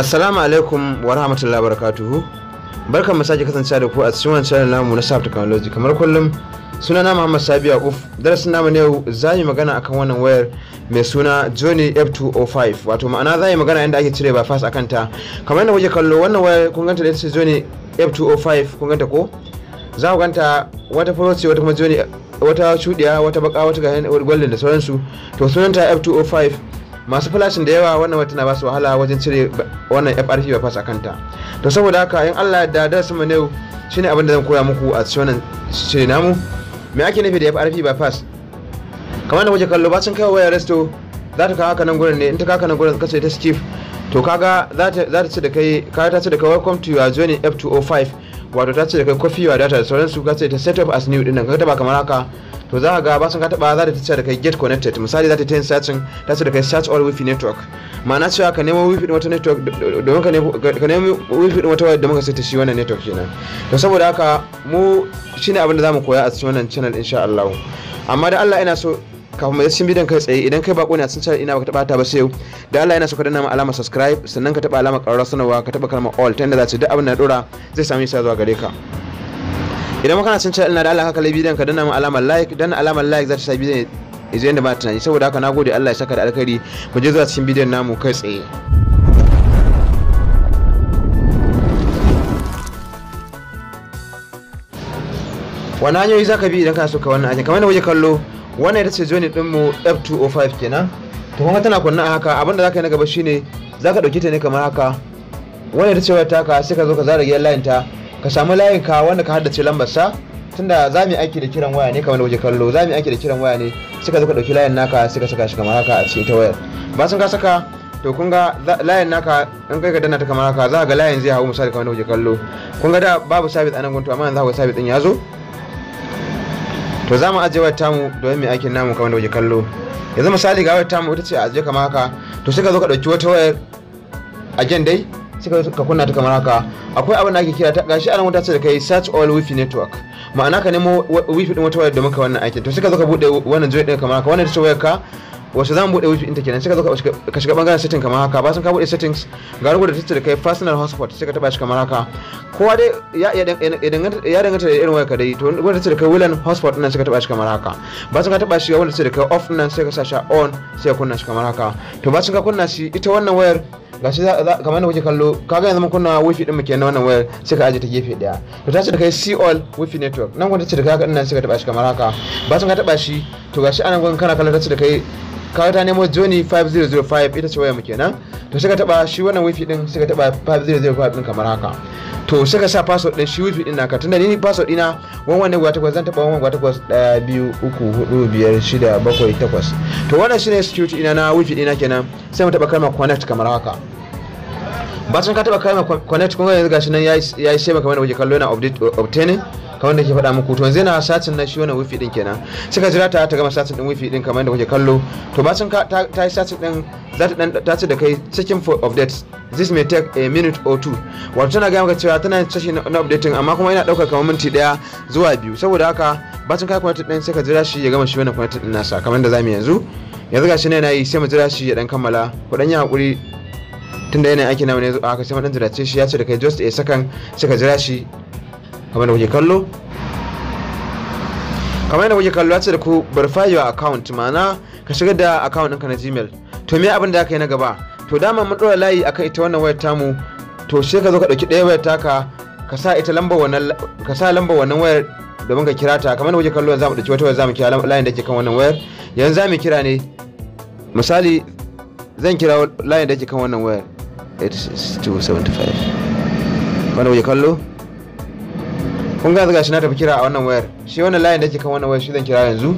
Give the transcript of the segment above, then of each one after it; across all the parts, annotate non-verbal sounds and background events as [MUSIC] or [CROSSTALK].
assalamu alaikum wa rahmatullahi barakatuhu barkan mu sake kasancewa da ku a cikin channel namu na Sharp Technology kamar kullum suna na Muhammad Sabi Yakuf darasin namu ne za mu magana akan wannan wayar mai suna Johnny F205 wato ma'ana za mu magana inda ake cire bypass akan ta kamar yadda kuke kallo wannan wayar kun ganta da ita Johnny F205 kun ganta ko za ku ganta wata faro ce wata kuma Johnny wata shudiya wata baka wata gwaldin da sauransu to sunanta F205 masu flashing da yawa wannan wata na ba su wahala wajen cire wannan FRP ba a kanta to saboda haka in Allah da da su ne shine abin da zan koya muku a cikin wannan shiri namu me ake nufi da FRP fas kamar da kuke kallo bacin kai wayar resto za ta kawo kanan gurin ne in ta kawo kanan nan gurin kace ta skip to kaga za ta ce da kai ka ta ce da kai welcome to your journey F205 wato ta ce da kai coffee wa data da sauransu ka ce ta set up as new din nan ka taba kamar haka to za ka ga ba sun ka taba za ta ce da kai get connected misali za ta ta yin searching ta ce da kai search all wifi network ma'ana cewa ka nemo wifi din wata network domin ka nemo wifi din wata wayar da muka sai ta shi wannan network kenan to saboda haka mu shine abin da zamu koya a cikin wannan channel insha Allah amma da Allah ina so kafin mai cikin bidiyon kai tsaye idan kai bako ne a sun ina baka taba ta ba sai da Allah yana so ka danna alama subscribe sannan ka taba alama karar sanarwa ka taba kalmar all ta yadda za su duk abin da dora zai samu isa zuwa gare ka idan makana sun ce ina da Allah ka kalli bidiyon ka danna alamar like danna alamar like za ta sa ya izo yadda ba tunani saboda haka nagode Allah ya saka da alkhairi mu je zuwa cikin bidiyon namu kai tsaye wani hanyoyi za ka bi idan ka so ka wannan ajin kamar da waje kallo wannan ita ce joni mu f205 kenan to kuma tana kunna a haka abinda zaka yi na gaba shine zaka dauke ta ne kamar haka wannan ita ce wata ka, sai ka zo ka zara gidan layin ta ka samu layin ka wanda ka haddace lambar sa tunda za mu yi aiki da kiran waya ne kamar da kuke kallo za mu yi aiki da kiran waya ne sai ka zo ka dauki layin naka sai ka saka shi kamar haka a cikin ta wayar ba sun ka saka to kun ga layin naka in kai ka danna ta kamar haka za ga layin zai hawo misali kamar da kuke kallo kun ga da babu sabis a nan gunto amma yanzu haka sabit din ya zo to za mu ajiye wayar tamu domin mai aikin namu kamar da kuke kallo yanzu misali ga wayar tamu ita ce ajiye kamar haka to sai ka zo ka ɗauki wata wayar a jan dai sai ka kunna ta kamar haka akwai abin da ake kira ta gashi ana wata ce da kai search all wifi network ma'ana ka nemo wifi din wata wayar domin ka wannan aikin to sai ka zo ka buɗe wannan joy din kamar haka wannan ta ce wayar ka Wasu za mu bude wifi ɗinta kenan sai ka zo ka shiga bangaren setting kamar haka bayan ka bude settings ga rubuta titir da kai personal hotspot sai ka taba shi kamar haka kowa dai ya danganta da irin wayarka dai to wanda titir da kai wilan hotspot nan sai ka taba shi kamar haka bayan ka taba shi wanda titir da kai off nan sai ka sa shi on sai ka kunna shi kamar haka to bayan ka kunna shi ita wannan wayar gashi kamar da kuke kallo ga yanzu mun kunna wifi din mu kenan wannan wayar sai ka aje ta gefe daya to ta ce da kai see all wifi network nan gwanda ce da kai ina sai ka taba shi kamar haka ba sun ka taba shi to shi anan gwanda kana kallon ta ce da kai kawo ta nemo joni 5005 ita ce waya muke kenan to suka taba shi wannan wifi din suka ka taba 5005 din kamar haka to suka ka sa password din shi wifi din naka tunda ni password dina wannan guda takwas zan taba wannan guda takwas daya biyu uku hudu biyar shida bakwai takwas to wannan shine security dina na wifi dina kenan sai mu taba kalma connect kamar haka bacin ka taba kalma connect kun ga yanzu gashi nan yayi sai kamar da kuke kallo yana obtaining kamar da ke faɗa muku to yanzu yana satin na shi wannan wifi din kenan suka jira ta ta gama satin din wifi din kamar da kuke kallo to ba sun ta yi satin din za ta dan ta ce da kai cikin for update this may take a minute or two wato tana gaya maka cewa tana sashi na updating amma kuma yana ɗaukar kamar minti ɗaya zuwa biyu saboda haka bacin kai kwanatin din sai ka jira shi ya gama shi wannan kwanatin din nasa kamar da za mu yanzu yanzu gashi ne na yi sai mu jira shi ya dan kammala ku dan yi hakuri tunda yanayin aiki na wani yanzu aka sai mu dan jira shi ya ce da kai just a second sai ka jira shi kamar da kuke kallo kamar da kuke kallo ya ce da ku bar your account ma'ana ka shigar da account ɗinka na gmail to me abin da aka yi na gaba to dama mun ɗora layi akan ita wannan wayar tamu to she ka zo ka ɗauki ɗaya wayar taka ka sa ita lambar wannan ka sa lambar wannan wayar domin ka kira ta kamar da kuke kallo za mu ɗauki wata wayar za mu kira layin da ke kan wannan wayar yanzu za mu kira ne misali zan kira layin da ke kan wannan wayar 8275 wanda kuke kallo kun ga shi na tafi kira a wannan wayar shi wannan layin da yake kan wannan wayar shi zan kira yanzu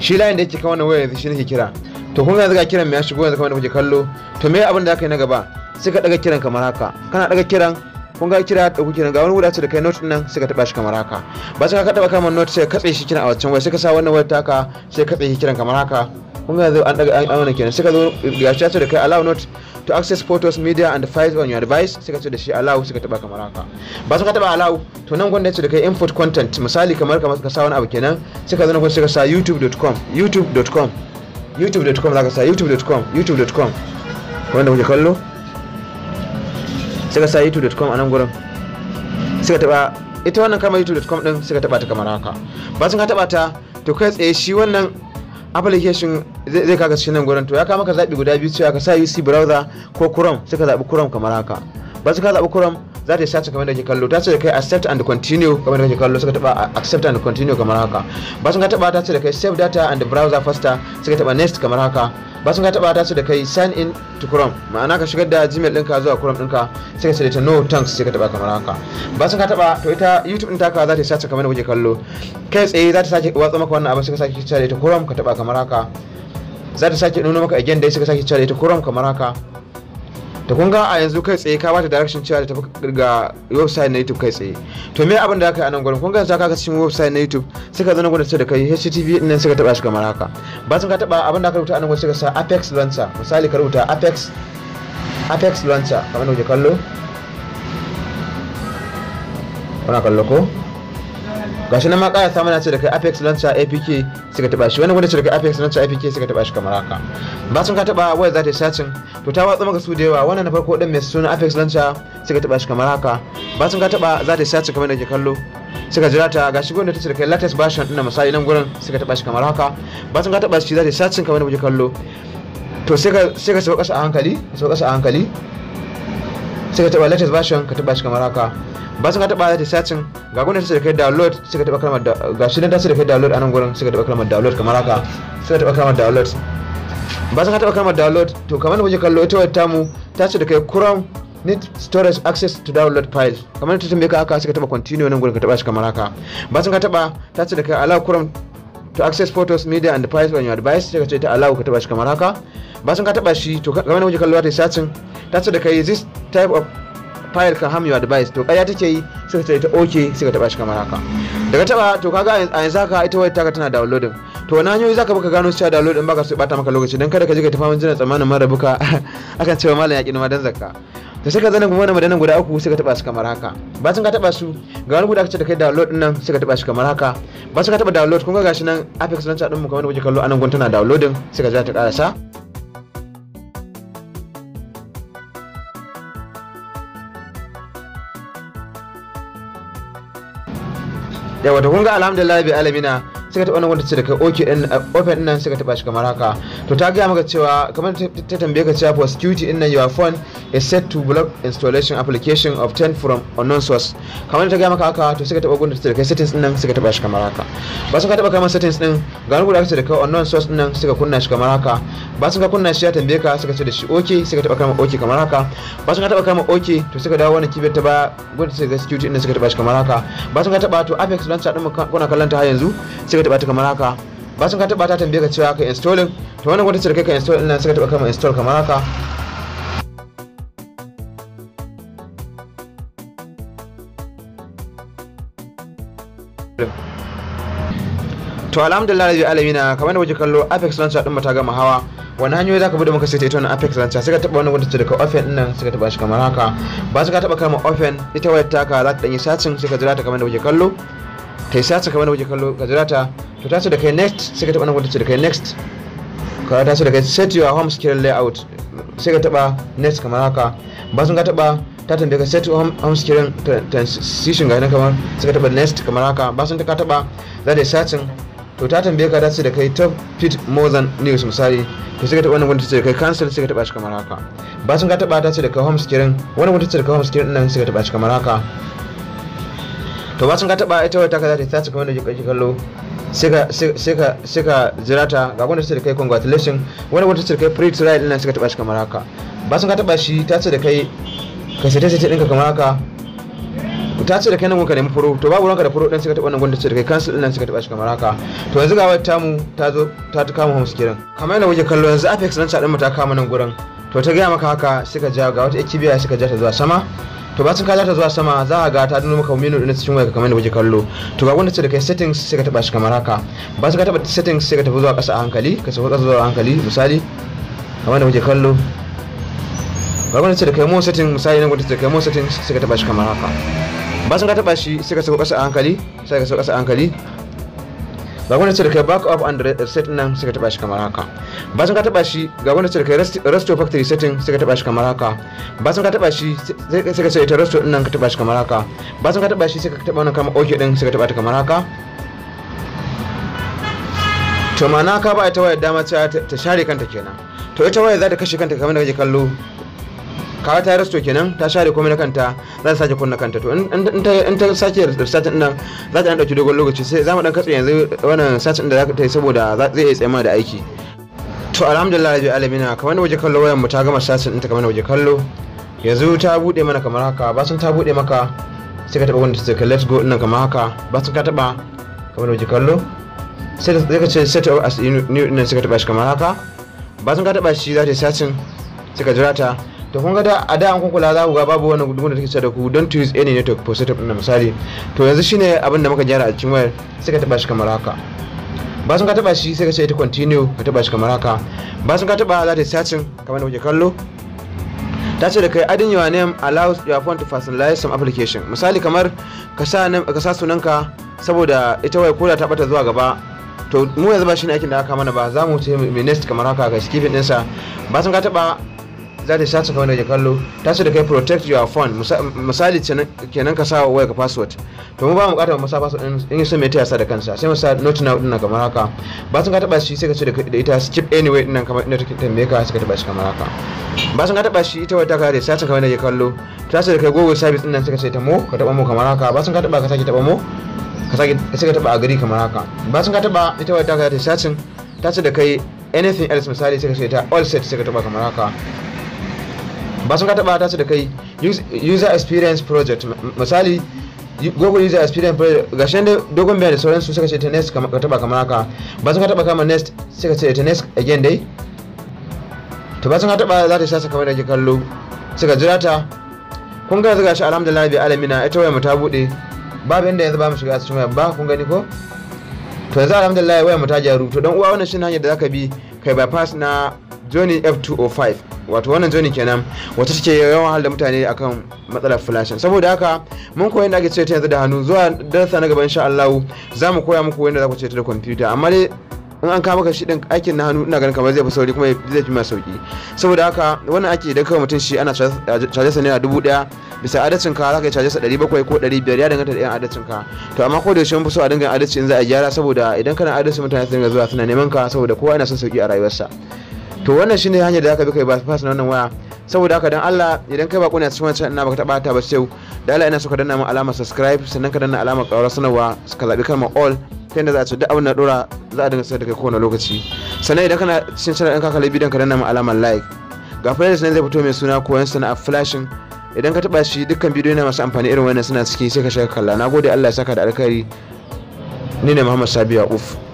shi layin da yake kan wannan wayar yanzu shi nake kira to kun ga kiran mai ya shigo yanzu kamar da kuke kallo to me abin da zaka yi na gaba sai ka daga kiran kamar haka kana daga kiran kun ga kira da kuke ga wani wadace da kai note nan sai ka taba shi kamar haka ba sai ka taba kamar note sai ka katse shi kiran a wancan wayar sai ka sa wannan wayar taka sai ka katse shi kiran kamar haka kun ga yanzu an daga an wannan kenan sai ka zo gashi shi da kai allow note to access photos media and files on your device sai ka ce da shi allow sai ka taba kamar haka ba su ka taba allow to nan gwanda ce da kai input content misali kamar kamar ka sa wani abu kenan sai ka zana na sai ka sa youtube.com youtube.com youtube.com za ka sa youtube.com youtube.com wanda kuke kallo sai ka sa youtube.com a nan gurin sai ka taba ita wannan kamar youtube.com din sai ka taba ta kamar haka ba sun ka taba ta to kai tsaye shi wannan application zai kaga shi nan gurin to ya kama ka zaɓi guda biyu cewa ka sa uc browser ko chrome sai ka zaɓi chrome kamar haka ba su ka zaɓi chrome za ta yi sace kamar da ke kallo ta ce da kai accept and continue kamar da ke kallo suka taba accept and continue kamar haka ba sun ka taba ta ce da kai save data and browser faster suka taba next kamar haka ba sun ka taba ta ce da kai sign in to chrome ma'ana ka shigar da gmail ɗinka zuwa chrome ɗinka sai ka ce da ta no thanks sai ka taba kamar haka ba sun ka taba to ita youtube ɗin taka za ta yi sace kamar da kuke kallo kai tsaye za ta sake watsa maka wannan abin sai ka sake cewa da ita chrome ka taba kamar haka za ta sake nuna maka again dai sai ka sake cewa da ita chrome kamar haka ta kun ga a yanzu kai tsaye ka bata direction cewa da tafi ga website na YouTube kai tsaye to me abin da aka yi a nan gurin kun ga za ka kasance website na YouTube sai ka zo gurin da kai HTTP din nan suka taba shi kamar haka ba sun ka taba abin da aka rubuta a nan gurin suka sa Apex Launcher misali ka rubuta Apex Apex Launcher kamar da kuke kallo kuna kallo ko gashi na ma ƙara samu na ce da kai apex launcher apk suka taba shi wani wanda ce da kai apex launcher apk suka taba shi kamar haka ba sun ka taba waya za ta yi sacin to ta watsa maka su da yawa wannan na farko din mai suna apex launcher suka taba shi kamar haka ba sun ka taba za ta yi sacin kamar da ke kallo suka jira ta gashi gwamna ta ce da kai latest version din na misali nan gurin suka taba shi kamar haka ba sun ka taba shi za ta yi sacin kamar da kuke kallo to sai ka sai ka sauka a hankali sauka a hankali sai ka taba latest version ka taba shi kamar haka ba sun ka taba latest searching ga gurin sai ka download sai ka taba kalmar ga shi nan ta sai ka download anan gurin sai ka taba kalmar download kamar haka sai ka taba kalmar download ba sun ka taba kalmar download to kamar da kuke kallo ita wata tamu ta ce da kai chrome need storage access to download file kamar da ta tambaye ka haka sai ka taba continue nan gurin ka taba shi kamar haka ba sun ka taba ta ce da kai allow chrome to access photos media and files when you advise sai ka ce ta allow ka taba shi kamar haka ba sun ka taba shi to kamar da muke kallo ta searching ta ce da kai this type of file can harm your advice. to kaya take yi sai ta ta okay sai ka taba shi kamar haka daga taba to kaga a yanzu haka ita wayar taka tana downloading to wani hanyoyi zaka baka gano cewa download din baka so bata maka lokaci dan kada ka je ka tafi mun jira tsammanin mara buka [LAUGHS] akan cewa malam ya kinu ma dan zakka da suka zanen kuma wani guda uku suka taba su kamar haka sun ka taba su ga wani guda aka da kai download din nan suka taba su kamar haka sun ka taba download kun ga gashi nan apex launcher din mu kamar da kallo anan gun tana downloading suka za ta karasa yawa da kun ga alhamdulillah bi alamina suka taɓa wani wanda ce da kai ok din open nan suka taɓa shi kamar haka to ta gaya maka cewa kamar ta tambaye ka cewa for security in nan your phone is set to block installation application of 10 from unknown source kamar ta gaya maka haka to suka taɓa gunda ce da kai settings ɗin nan suka taɓa shi kamar haka ba su ka taɓa kamar settings ɗin ga guda ka ce da kai unknown source ɗin nan suka kunna shi kamar haka ba su ka kunna shi ya tambaye ka suka ce da shi oke suka taɓa kamar oke kamar haka ba su ka taɓa kamar oke to suka dawo wani kibiyar ta baya wanda ce da security din nan suka taɓa shi kamar haka ba su ka taɓa to apex launcher din kuna kallon ta har yanzu sai taba ta kamar haka sun ka taba ta tambaye ka cewa ka installing to wannan wata ce kai ka install din nan sai ka taba kama install kamar haka to alhamdulillah rabbi alamina kamar da kuke kallo apex launcher din ta gama hawa wani hanyoyi zaka bude maka sai ta ita wannan apex launcher sai ka taba wannan wata ce daga open din nan sai ka taba shi kamar haka ba su ka taba kama open ita wayar taka za ta danyi searching sai ka jira ta kamar da kuke kallo ta yi saka wani waje kallo ga ta to ta da kai next sai ka taba nan wata ce da kai next ka ta da kai set your home screen layout sai ka taba next kamar haka ba sun ka taba ta tambaye ka set your home screen transition ga nan kamar sai ka taba next kamar haka ba sun ka taba za da searching to ta tambaye ka dace da kai top fit more than news misali to sai ka taba nan wata ce da kai cancel sai ka taba shi kamar haka ba sun ka taba dace da kai home screen wani wata ce da kai home screen din sai ka taba shi kamar haka to ba sun ka taba ita wata kaza ta tsaka wanda da kallo sai ka jira ta ga wanda ta kai congratulation wanda su ta kai free trial ina suka taba shi kamar haka ba sun ka taba shi ta ce da kai ka sai sai ka kamar haka ta ce da kai nan ka nemi furo to babu ranka da furo ɗin suka taba nan gwanda ce da kai kansu ɗin suka taba shi kamar haka to yanzu ga wata tamu ta zo ta kama homes kiran kamar yadda kuke kallo yanzu apex nan ta dan mu kama nan gurin to ta gaya maka haka suka ja ga wata ekibiya suka ja ta zuwa sama to ba sun ka zata zuwa sama za a ga ta nuna maka menu din cikin waya kamar da kuke kallo to ga wanda ce da kai settings sai ka taba shi kamar haka ba sun ka taba settings sai ka tafi zuwa ƙasa a hankali ka tafi ƙasa zuwa hankali misali kamar da kuke kallo ga wanda ce da kai mo settings misali nan wanda ce da kai mo settings sai ka taba shi kamar haka ba sun ka taba shi sai ka tafi kasa a hankali sai ka tafi kasa a hankali ga gwamnati ce da kai back up and reset nan suka taba shi kamar haka sun ka taba shi ga gwamnati ce da kai resto factory setting suka taba shi kamar haka sun ka taba shi sai ka sai ta resto din nan ka taba shi kamar haka sun ka taba shi sai ka taba wannan kamar oke din suka ka taba ta kamar haka to mana ka ba ita wayar dama ta share kanta kenan to ita waya za ta kashe kanta kamar da kake kallo kawa ta rasto kenan ta share komai na kanta za ta sake kunna kanta to in ta sake research din nan za ta dauki dogon lokaci sai za mu dan katse yanzu wannan research din da za ta yi saboda zai iya tsayama mana da aiki to alhamdulillah rabi alamina kamar da waje kallo wayan mu ta gama research din ta kamar da waje kallo yanzu ta bude mana kamar haka ba sun ta bude maka sai ka taba wanda take let's go din nan kamar haka ba sun ka taba kamar da waje kallo sai ka ce set up as new nan sai ka taba shi kamar haka ba sun ka taba shi za ta yi searching sai ka jira ta to kun ga a da an kula za ku ga babu wani gudun da take sa da ku don to use any network for setup na misali to yanzu shine abin da muka gyara a cikin wayar sai ka taba shi kamar haka ba sun ka taba shi sai ka ce ta continue ka taba shi kamar haka ba sun ka taba za ta searching kamar da muke kallo ta ce da kai adding your name allows your phone to personalize some application misali kamar ka sa ka sa ka saboda ita wayar koda ta bata zuwa gaba to mu yanzu ba shine aikin da aka mana ba za mu ce mai next kamar haka ga skipping ɗinsa ba sun ka taba za ta sace kamar da ke kallo ta ce da kai protect your phone misali kenan ka sa waya ka password to mu ba mu bukatar mu sa password in so me ta yasa da kansa sai mu sa not now din kamar haka ba sun ka taba shi sai ka ce da ita skip anyway din nan kamar inda take tambaye ka sai ka taba shi kamar haka ba sun ka taba shi ita wata ka da sace kamar da ke kallo ta ce da kai google service din nan sai ka ce ta mu ka taba mu kamar haka ba sun ka taba ka sake taba mu ka sake sai ka taba a gari kamar haka ba sun ka taba ita wata ka da sace ta ce da kai anything else misali sai ka ce ta all set sai ka taba kamar haka ba sun ka taba ta su da kai user experience project misali google user experience project ga shi dogon bayan da su suka ce ta next ka taba kamar haka ba sun ka taba kama next suka ce ta next again dai to ba sun ka taba za ta sasa kamar da ke kallo suka jira ta kun ga zuga shi alhamdulillah bi alamina ita wayar mu ta ba babu inda yanzu ba mu shiga cikin wayar ba kun gani ko to yanzu alhamdulillah wayar mu ta gyaru to dan uwa wannan shi hanyar da zaka bi kai bypass na Johnny F205 wato wannan zoni kenan wata take yawan halda mutane akan matsalar flashin saboda haka mun koyi da ake ce ta yanzu da hannu zuwa darasa na gaba insha Allah za mu koya muku yadda za ku ce ta da kwamfuta amma dai in an kama shi din aikin na hannu ina ganin kamar zai fi sauri kuma zai fi masu sauki saboda haka wannan ake da kawai mutum shi ana caje sa naira dubu daya bisa adadin ka za ka caje sa ɗari bakwai ko ɗari biyar ya danganta da yan adadin ka to amma ko da yaushe mun so a dinga adadin in za a gyara saboda idan kana adadin mutane su dinga zuwa suna neman ka saboda kowa yana son sauki a rayuwarsa to wannan shine hanyar da aka bi kai bypass na wannan waya saboda haka dan Allah idan kai bako ne a cikin wannan ina baka taba ta ba sai da Allah ina so ka danna mu alama subscribe sannan ka danna alama ƙaura sanarwa ka zabi kalmar all ta yadda za a ci duk abin da dora za a dinga sai da kai kowane lokaci sannan idan kana cikin channel ɗin kakale bidiyon ka danna mu alama like ga playlist nan zai fito mai suna koyon sana'a flashing idan ka taba shi dukkan bidiyo na masu amfani irin wannan suna ciki sai ka shiga kalla nagode Allah ya saka da alkhairi ni ne Muhammad Sabiya Uf